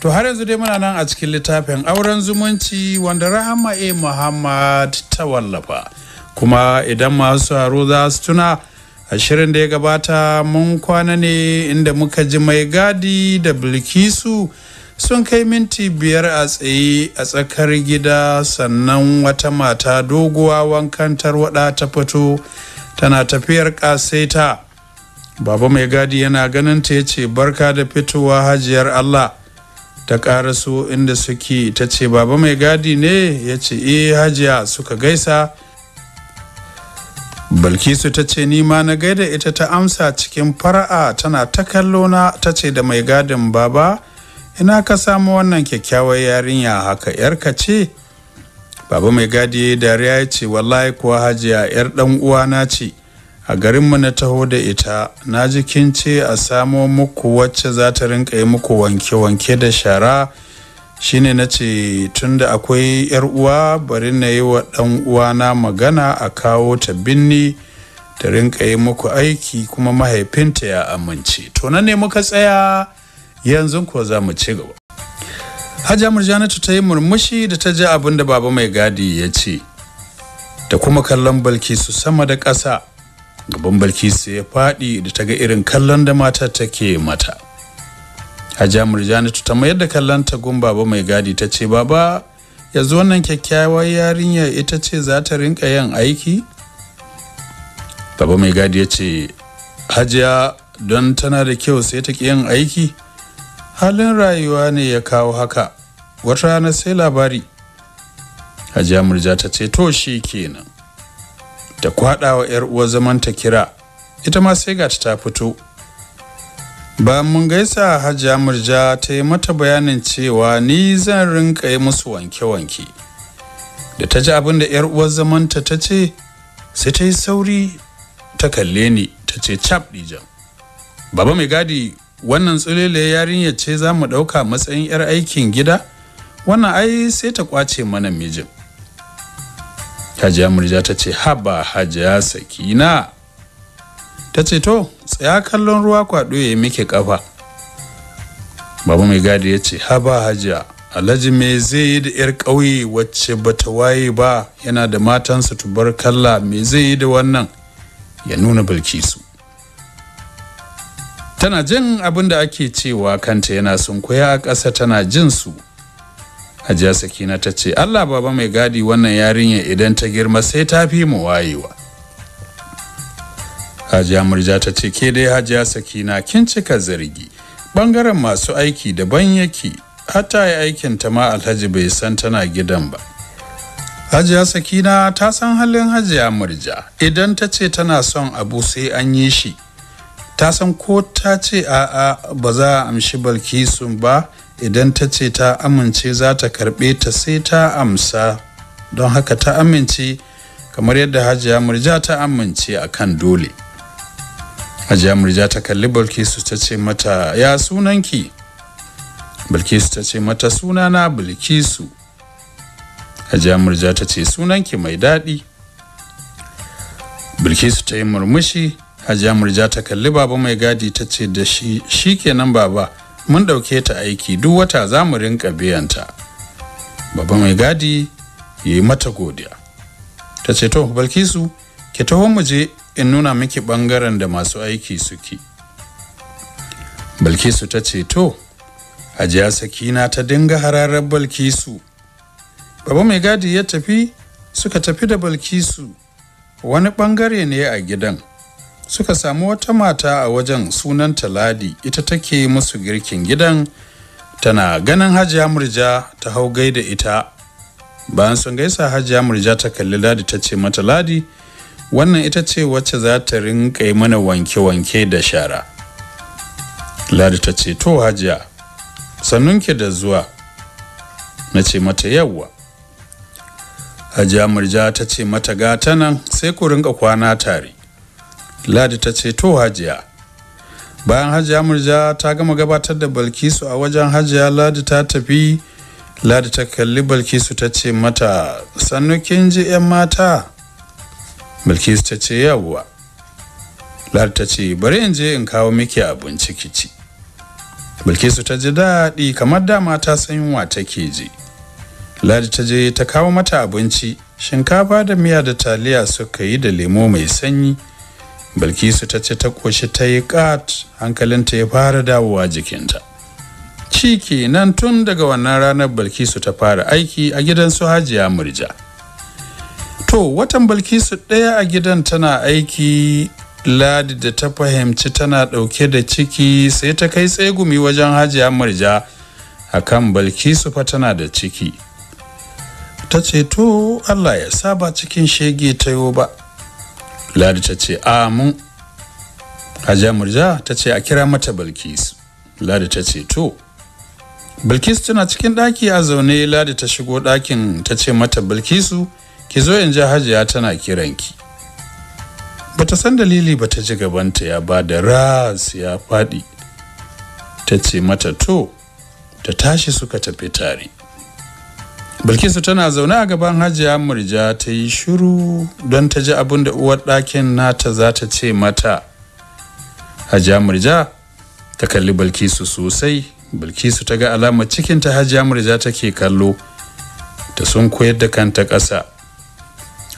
To har yanzu dai muna nan a cikin littafin auren zumunci wanda Rahama A. Muhammad ta wallafa. Kuma idan masu haro za su tuna ashirin da ya gabata mun kwana ne inda muka ji mai gadi da bilkisu sun kai minti biyar a tsaye a tsakar gida sannan wata mata doguwa wankan tarwada ta fito tana tafiyar ƙasaita. Baba mai gadi yana ganin ta ya ce barka da fitowa hajiyar Allah. ta karaso inda suke ta ce baba mai gadi ne ya ce eh hajiya suka gaisa balkisu ta ce ni ma na gaida ita ta amsa cikin fara'a tana ta kallona ta ce da mai gadin baba ina ka samu wannan kyakkyawar yarinya haka yarka ce baba mai gadi dariya ya ce wallahi kuwa hajiya yar dan uwana ce a garinmu na taho da ita na ji kin ce a samo muku wacce za ta rinka yi muku wanke-wanke da shara shine na ce tunda akwai yar uwa bari na yi wa ɗan na magana a kawo ta binni ta rinka yi muku aiki kuma mahaifinta ya amince to na ne muka tsaya yanzu kuwa za mu ci gaba hajja murjanatu ta yi murmushi da ta ji abin da baba mai gadi ya ce da kuma kallon balkisu sama da ƙasa gaban bilkisu ya faɗi da ta ga irin kallon da mata take mata hajiya murjanatu ta mayar da kallon ta gun baba mai gadi ta ce baba yanzu wannan kyakkyawar yarinya ita ce za ta rinka yin aiki baba mai gadi ya ce hajiya don tana da kyau sai ta yin aiki halin rayuwa ne ya kawo haka wata rana sai labari hajiya murja ta ce to shi kenan Da kwadawa yar uwar zaman ta kira ita ma sai gata ta fito Ba mun gaisa hajiya murja ta yi mata bayanin cewa ni zan rinka yi musu wanke-wanke da ta ji abin da yar uwar zaman ta ce sai ta yi sauri ta kalle ni ta ce cap dijan baba mai gadi wannan tsulele yarinyar ce za mu ɗauka matsayin 'yar aikin gida wannan ai sai ta kwace mana mijin Ta ji Amurja ta ce haba hajiya sakina ta ce to tsaya kallon ruwa kwaɗo ya miki ƙafa." babu mai gadi ya ce haba hajiya alhaji me zai yi da yar ƙauye wacce ba ta waye ba yana da matansa tubar kalla mai zai yi da wannan ya nuna bilkisu tana jin abinda ake cewa kanta yana sunkuya a ƙasa tana jin su hajiya sakina ta ce allah baba mai gadi wannan yarinya idan ta girma sai ta fi mu wayewa hajiya murja ta ce ke dai hajiya sakina kin cika zargi bangaren masu aiki daban yake hata ya aikin ta ma alhaji bai san tana gidan ba hajiya sakina ta san halin hajiya murja idan ta ce tana son abu sai an yi shi ta san ko ta ce a'a ba za a amshi balkisun ba idan ta ce ta amince za ta karɓe ta sai ta amsa don haka ta amince kamar yadda hajiya murja ta amince a kan dole hajiya murja ta kalli bilkisu ta ce mata ya sunanki bilkisu ta ce mata sunana bilkisu hajiya murja ta ce sunanki mai daɗi bilkisu ta yi murmushi hajiya murja ta kalli baba mai gadi ta ce da shi nan baba mun ɗauke ta aiki duk wata za mu rinka ta. baba mai gadi ya yi mata godiya ta ce to balkisu ki taho mu je in nuna miki ɓangaren da masu aiki suke balkisu ta ce to hajiya sakina ta dinga hararar balkisu baba mai gadi ya tafi suka tafi da balkisu wani ɓangare ne a gidan suka samu wata mata a wajen sunanta ladi ita take musu girkin gidan tana ganin hajiya murja ta hau da ita bayan sun gaisa hajiya murja ta kalli ladi ta ce mata ladi wannan ita ce wacce za ta rinka yi mana wanke-wanke da shara ladi ta ce to hajiya sannunki da zuwa na ce mata yawwa hajiya murja ta ce mata gata nan sai ku rinka kwana tare ladi ta ce to hajiya bayan hajiya murja ta gama gabatar da balkisu a wajen hajiya ladi ta tafi ladi ta kalli balkisu ta ce mata sannu kin ji 'yan mata balkisu ta ce yawwa ladi ta ce bari in je in kawo miki abinci kici bilkisu ta ji daɗi kamar dama ta san yunwa take ji ladi ta je ta kawo mata abinci shinkafa da miya da taliya suka yi da lemo mai sanyi Balkisu ta ce ta ƙoshi ta yi ƙat hankalinta ya fara dawowa jikinta ci nan tun daga wannan ranar bilkisu ta fara aiki a gidan su hajiya murja to watan bilkisu ɗaya a gidan tana aiki ladi da ta fahimci tana ɗauke da ciki sai ta kai tsegumi wajen hajiya murja kan bilkisu fa tana da ciki ta ce to allah ya saba cikin shege ta yi ba ladi ta ce a ah, mu hajiya murja ta ce a kira mata bilkis ladi ta ce to bilkis tana cikin ɗaki a zaune ladi ta shigo ɗakin ta ce mata bilkisu ki zo in ji hajiya tana kiranki bata san dalili ba ta ji gabanta ya ba da ras ya faɗi ta ce mata to ta tashi suka tafi tare bilkisu tana zaune a gaban hajiya murja ta yi shiru don ta ji abin da uwar ɗakin nata za ta ce mata hajiya murja ta kalli bilkisu sosai bilkisu ta ga alamar cikinta hajiya murja take kallo ta sun koyar da kanta ƙasa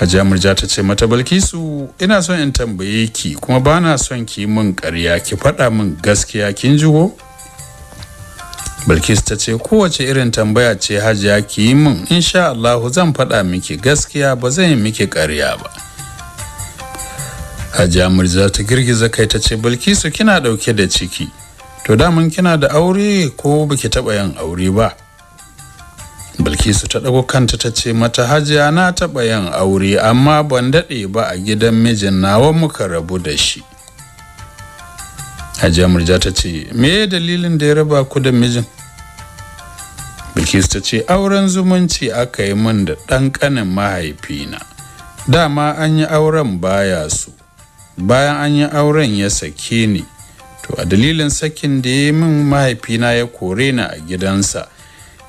hajiya murja ta ce mata bilkisu ina son in tambaye ki kuma ba na son ki min ƙarya ki faɗa min gaskiya kin jigo? Bilkis ta ce kowace irin tambaya ce hajiya ki yi min insha Allahu zan faɗa miki gaskiya ba zan yi miki ƙarya ba. Hajiya Murza ta girgiza kai ta ce Bilkisu kina ɗauke da ciki. To daman kina da aure ko baki taɓa yin aure ba. Bilkisu ta ɗago kanta ta ce mata hajiya na taɓa yin aure amma ban daɗe ba a gidan mijin nawa muka rabu da shi. hajiya murja ta ce me dalilin da ya raba ku da mijin bilkis ta ce auren zumunci aka yi min da ɗan ƙanin mahaifina dama an yi auren baya su bayan an yi auren ya sake ni to a dalilin sakin da ya yi min mahaifina ya kore ni a gidansa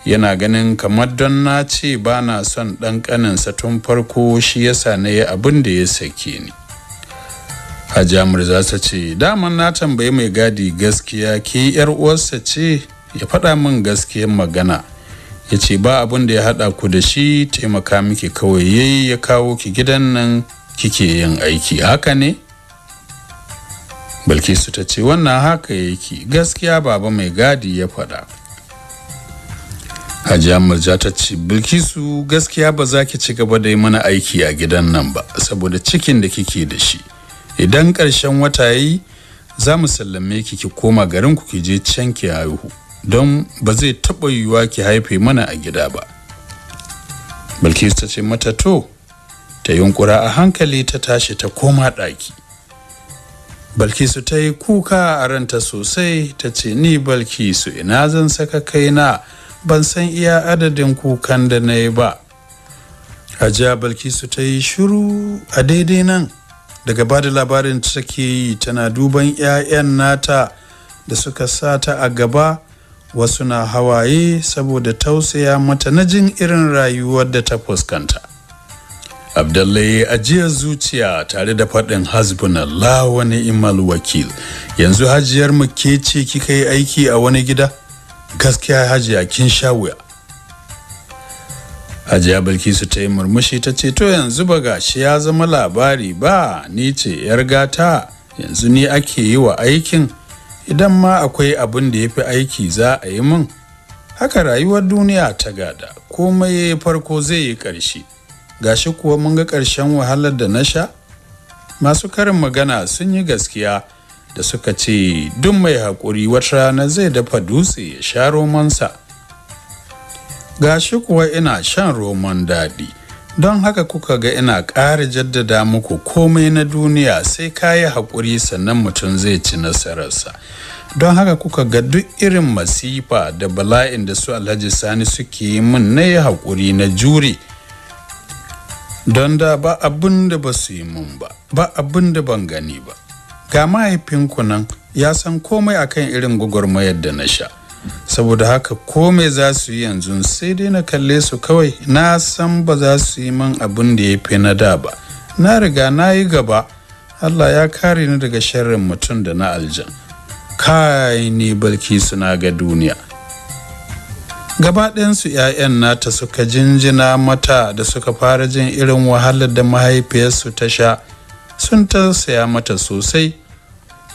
yana ganin kamar don na ce ba na son ɗan ƙaninsa tun farko shi yasa na yi abin da ya sake ni hajiya murza ta ce daman na tambayi mai gadi gaskiya ke yar uwarsa ce ya faɗa min gaskiyar magana ya ce ba abin da ya haɗa ku da shi taimaka miki kawai yayi ya kawo ki gidan nan kike yin aiki haka ne bilkisu ta ce wannan haka yake gaskiya baba mai gadi ya faɗa hajiya murja ta ce bilkisu gaskiya ba za ki ci gaba da yi mana aiki a gidan nan ba saboda cikin da kike da shi idan ƙarshen wata yi za mu sallame ki ki koma garin ku ki je can ki haihu don ba zai taɓa yiwuwa ki haife mana a gida ba bilkisu ta ce mata to ta yunkura a hankali ta tashi ta koma ɗaki balkisu ta yi kuka a ranta sosai ta ce ni balkisu ina zan saka kaina ban san iya adadin kukan da na yi ba ja balkisu ta yi shuru a daidai nan daga bada da labarin take yi tana duban 'ya'yan nata da suka sata a gaba wasu na hawaye saboda tausaya mata na jin irin rayuwar da ta fuskanta abdullahi ajiyar zuciya tare da faɗin hasbunallah wani imal wakil yanzu hajiyar ke ce kika yi aiki a wani gida gaskiya hajiya kin sha wuya hajiya bilkisu ta yi murmushi ta ce to yanzu ba ga shi ya zama labari ba ni ce yar gata yanzu ni ake yi wa aikin idan ma akwai abin da ya fi aiki za a yi min haka rayuwar duniya ta gada komai ya yi farko zai yi ƙarshe gashi kuwa mun ga ƙarshen wahalar da na sha masu karin magana sun yi gaskiya da suka ce duk mai haƙuri wata rana zai dafa dutse ya sha romansa gashi kuwa ina shan roman daɗi don haka kuka ga ina ƙara jaddada muku komai na duniya sai kayi haƙuri sannan mutum zai ci nasararsa don haka kuka ga duk irin masifa da bala'in da su alhaji sani suke yi min na yi haƙuri na jure don da ba abin da ba su yi mun ba ba abin da ban gani ba ga mahaifinku nan ya san komai akan irin gwagwarmayar da na sha saboda haka kome za su yi yanzu sai dai na kalle su kawai na san ba za su yi man abin da ya fi na da ba na riga na yi gaba allah ya kare ni daga sharrin mutum da na aljan kai ne balki suna ga duniya gabaɗayansu 'ya'yan nata suka jinjina mata da suka fara jin irin wahalar da mahaifiyarsu ta sha sun tausaya mata sosai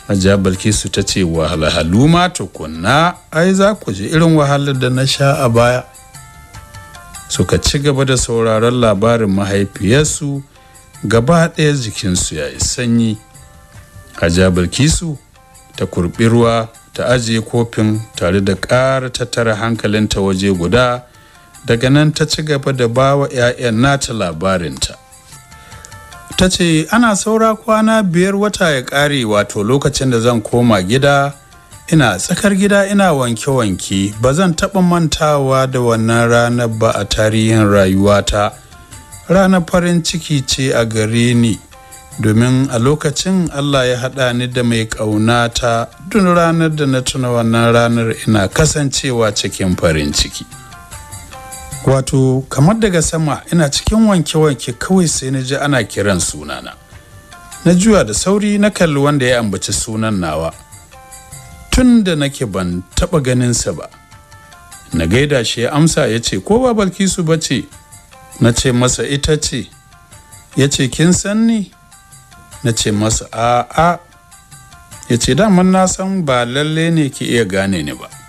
hajiya su ta ce wahalhalu ma tukunna ai za ku ji irin wahalar da na sha a baya suka ci gaba da sauraron labarin mahaifiyarsu gaba ɗaya jikinsu ya yi sanyi hajiya bilkisu ta kurɓi ruwa ta ajiye kofin tare da ƙara tattara hankalinta waje guda daga nan ta ci gaba da bawa 'ya'yan nata labarinta ta ce ana saura kwana biyar wata ya ƙare wato lokacin da zan koma gida ina tsakar gida ina wanke-wanke ba zan taɓa mantawa da wannan ranar ba a tarihin rayuwata ranar farin ciki ce a gare ni domin a lokacin Allah ya haɗa ni da mai ƙauna ta, duk ranar da na tuna wannan ranar ina kasancewa cikin farin ciki. wato kamar daga sama ina cikin wanke-wanke kawai sai na ji ana kiran sunana na juya da sauri na kalli wanda ya ambaci sunan nawa tun da nake ban taɓa ganinsa ba na gaida shi ya amsa ya ce ko ba balkisu ba ce na ce masa ita ce ya ce kin san ni na ce masa a'a ya ce daman na san ba lalle ne ki iya gane ni ba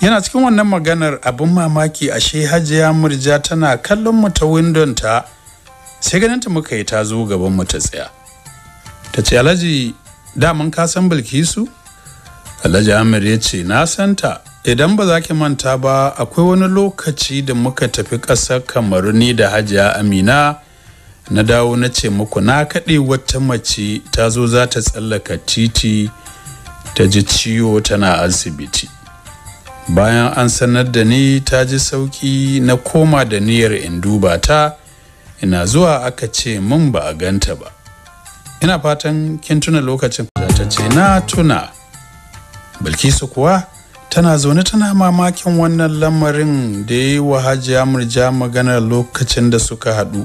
yana cikin wannan maganar abin mamaki ashe hajiya murja tana kallon mu ta windon ta sai ganin ta muka yi ta zo gaban mu ta tsaya ta ce alhaji daman ka san bilkisu alhaji amir ya ce na san ta idan ba za ki manta ba akwai wani lokaci da muka tafi ƙasar kamaru ni da hajiya amina na dawo na ce muku na kaɗe wata mace ta zo za ta tsallaka titi ta ji ciwo tana asibiti bayan an sanar da ni ta ji sauki na koma da niyyar in duba ta ina zuwa aka ce mun ba a ganta ba ina fatan kin tuna lokacin ta ce na tuna bilkisu kuwa tana zaune tana mamakin wannan lamarin da ya yi wa hajiya murja maganar lokacin da suka haɗu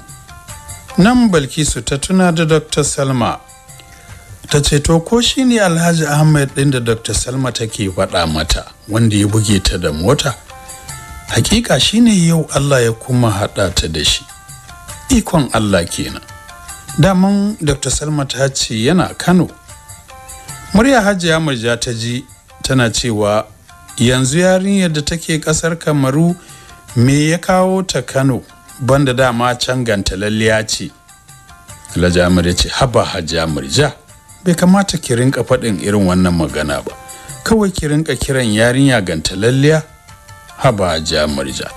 nan bilkisu ta tuna da dr salma ta ce to ko shine alhaji ahmed ɗin da dr salma take faɗa mata wanda ya buge ta da mota hakika shine yau allah ya kuma haɗa ta da shi ikon allah kenan daman dr salma ta ce yana kano murya hajiya murja ta ji tana cewa yanzu yarinyar da take ƙasar kamaru me ya kawo ta kano banda dama can lalliya ce alhaji ya ce haba hajiya murja bai kamata ki rinka faɗin irin wannan magana ba kawai ki rinka kiran yarinya ganta lalliya haba ja murja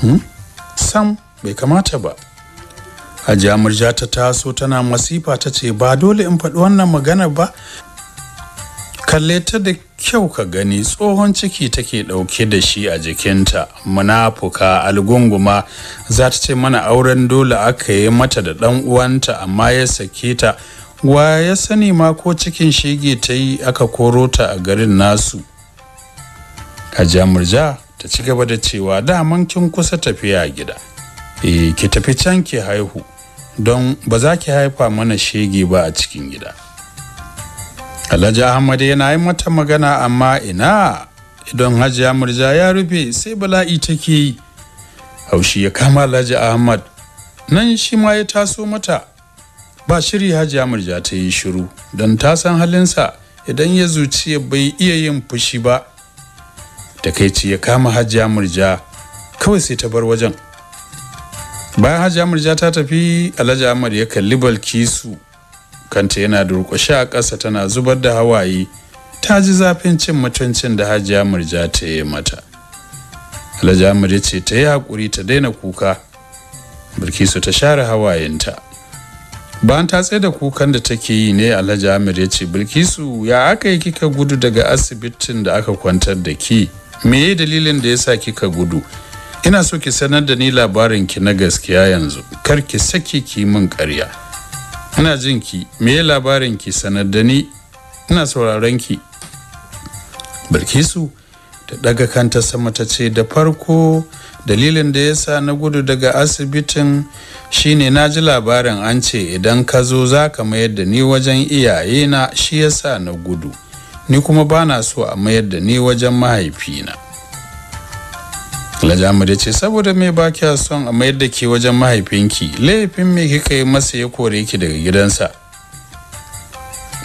hmm? sam bai kamata ba hajiya murja ta taso tana masifa ta ce ba dole in faɗi wannan magana ba kalle ta da kyau ka gani tsohon ciki take ɗauke da shi a jikinta munafuka algunguma za ta ce mana auren dole aka yi mata da ɗan uwanta amma ya sake ta wa ya sani ma ko cikin shege ta yi aka koro ta a garin nasu hajiya murja ta ci gaba da cewa daman kin kusa tafiya gida eh ki tafi can ki haihu don ba za ki haifa mana shege ba a cikin gida alhaji ahmad yana yi mata magana amma ina idan hajiya murja ya rufe sai bala'i take yi haushi ya kama alhaji ahmad nan shi ma ya taso mata ba shiri hajiya murja ta yi shiru don ta san halinsa idan ya zuci bai iya yin fushi ba takaici ya kama hajiya murja kawai sai ta bar wajen bayan hajiya murja ta tafi alhaji amar ya kalli balkisu kanta yana durƙushe a ƙasa tana zubar da hawaye ta ji zafin cin mutuncin da hajiya murja ta yi mata alhaji amar ya ce ta yi haƙuri ta daina kuka bilkisu ta share hawayenta bayan ta tsaye da kukan da take yi ne alhaji amir ya ce bilkisu ya aka yi kika gudu daga asibitin da aka kwantar da ki meye dalilin da ya sa kika gudu ina so ki sanar da ni labarin ki na gaskiya yanzu kar ki saki ki min karya ina jin ki meye labarin ki sanar da ni ina sauraron ki bilkisu da daga kanta sama ta ce da farko dalilin da ya sa na gudu daga asibitin shine na ji labarin an ce idan ka zo za ka mayar da ni wajen iyaye na shi ya sa na gudu ni kuma ba na so a mayar da ni wajen mahaifina Lajamu da ce saboda mai ba kya son a mayar da ke wajen mahaifinki laifin mai kika yi masa ya kore ki daga gidansa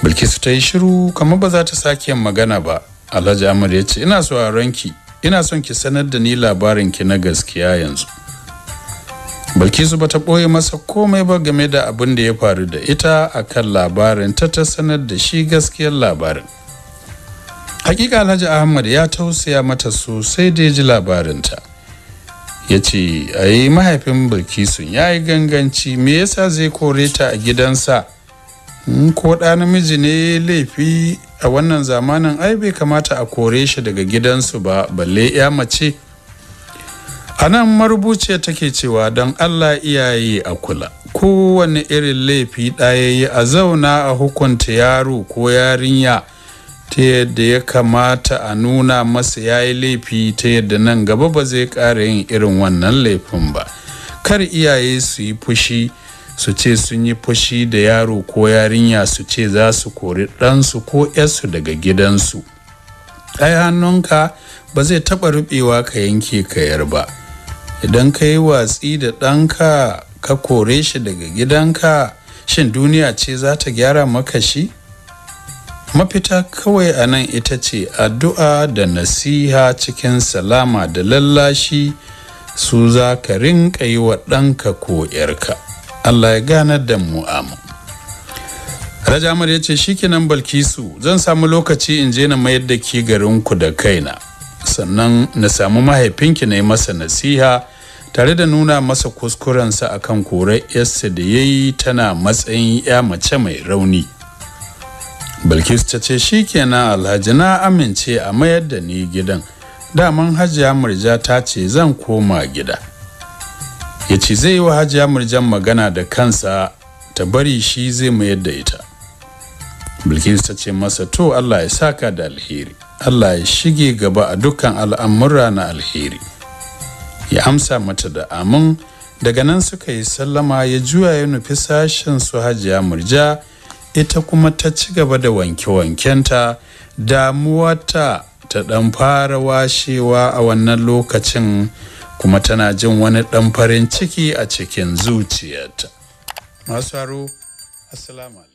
Bilkisu ta yi shiru kamar ba za ta sake magana ba Alhaji Amadu ya ce ina so a ranki ina son ki sanar da ni labarin ki na gaskiya yanzu bilkisu ba ta ɓoye masa komai ba game da abin da ya faru da ita a kan labarin ta ta sanar da shi gaskiyar labarin hakika alhaji ahmad ya tausaya mata sosai da ya ji ta. ya ce a yi mahaifin bilkisu ya yi ganganci me yasa zai kore ta a gidansa hmm, ko ɗa namiji ne laifi a wannan zamanin ai bai kamata a kore shi daga gidansu ba balle ya mace a nan marubuciya take cewa don allah iyaye a kula kowane irin laifi yi a zauna a hukunta yaro ko yarinya ta yadda ya kamata a nuna masa ya yi laifi ta yadda nan gaba ba zai ƙara yin irin wannan laifin ba kar iyaye su yi fushi su ce sun yi fushi da yaro ko yarinya su ce za su kori ɗansu ko ‘yarsu daga gidansu ai hannunka ba zai taɓa ruɓewa ka yanke kayar ba idan ka yi watsi da ɗanka ka kore shi daga gidanka shin duniya ce za ta gyara maka shi mafita kawai a nan ita ce addu'a da nasiha cikin salama da lallashi su za ka rinka yi wa ɗanka ko ‘yarka. Allah ya ganar da mu amu Rajamar ya ce shikenan Balkisu zan samu lokaci in je na mayar da ki garinku da kaina sannan na samu mahaifinki na yi masa nasiha tare da nuna masa kuskurensa akan korar yarsa da ya yi tana matsayin ya mace mai rauni Balkisu ta ce shikenan Alhaji na amince a mayar da ni gidan daman hajiya murja ta ce zan koma gida ya ce zai yi wa hajiya murjan magana da kansa ta bari shi zai mayar da ita bilkisu ta ce masa to allah ya saka da alheri allah ya shige gaba a dukkan al'amura na alheri ya amsa mata da amin daga nan suka yi sallama ya juya ya nufi sashen su hajiya murja ita kuma ta ci gaba da wanke-wankenta damuwata ta dan fara washewa a wannan lokacin kuma tana jin wani ɗan farin ciki a cikin zuciyarta masu haro assalamu